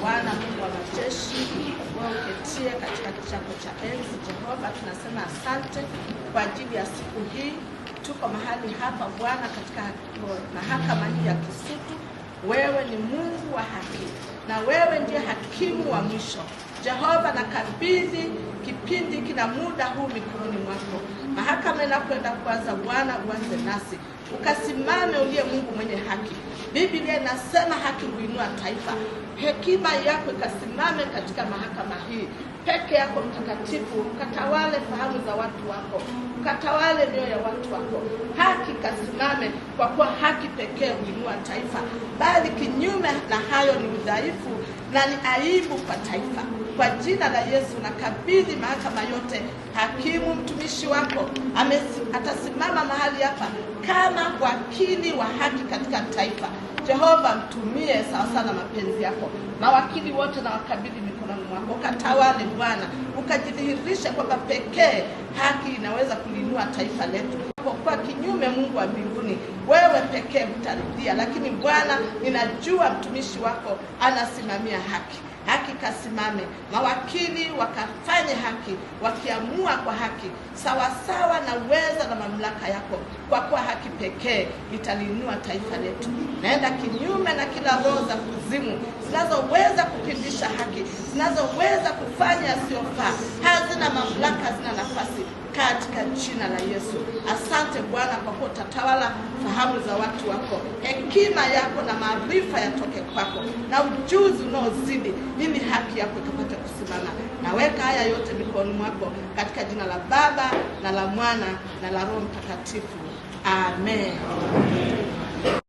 Bwana Mungu wa majeshi, wewe uketie katika kiti chako cha enzi, Jehova, tunasema asante kwa ajili ya siku hii. Tuko mahali hapa Bwana, katika mahakama hii ya Kisutu. Wewe ni Mungu wa haki na wewe ndiye hakimu wa mwisho. Jehova na kabidhi kipindi kina muda huu mikononi mwako. Mahakama inakwenda kuanza, Bwana uanze nasi, ukasimame uliye Mungu mwenye haki. Biblia inasema haki huinua taifa. Hekima yako ikasimame katika mahakama hii peke yako Mtakatifu, ukatawale fahamu za watu wako, ukatawale mioyo ya watu wako. Haki kasimame, kwa kuwa haki pekee huinua taifa, bali kinyume na hayo ni udhaifu na ni aibu kwa taifa. Kwa jina la Yesu nakabidhi mahakama yote. Hakimu mtumishi wako amesi, atasimama mahali hapa kama wakili wa haki katika taifa. Jehova, mtumie sawasawa na mapenzi yako. Mawakili wote na wakabidhi mikononi mwako, ukatawale Bwana, ukajidhihirisha kwamba pekee haki inaweza kulinua taifa letu, kwa kinyume, Mungu wa mbinguni we pekee mtarudia, lakini Bwana, ninajua mtumishi wako anasimamia haki haki kasimame, mawakili wakafanye haki, wakiamua kwa haki, sawasawa na uweza na mamlaka yako, kwa kuwa haki pekee italiinua taifa letu. Naenda kinyume na kila roho za kuzimu zinazoweza kupindisha haki, zinazoweza kufanya asiyofaa hazina mamlaka, zina katika jina la Yesu. Asante Bwana kwa kuwa utatawala fahamu za watu wako, hekima yako na maarifa yatoke kwako, na ujuzi unaozidi ili haki yako ikapate kusimama. Naweka haya yote mikononi mwako katika jina la Baba na la Mwana na la Roho Mtakatifu, amen.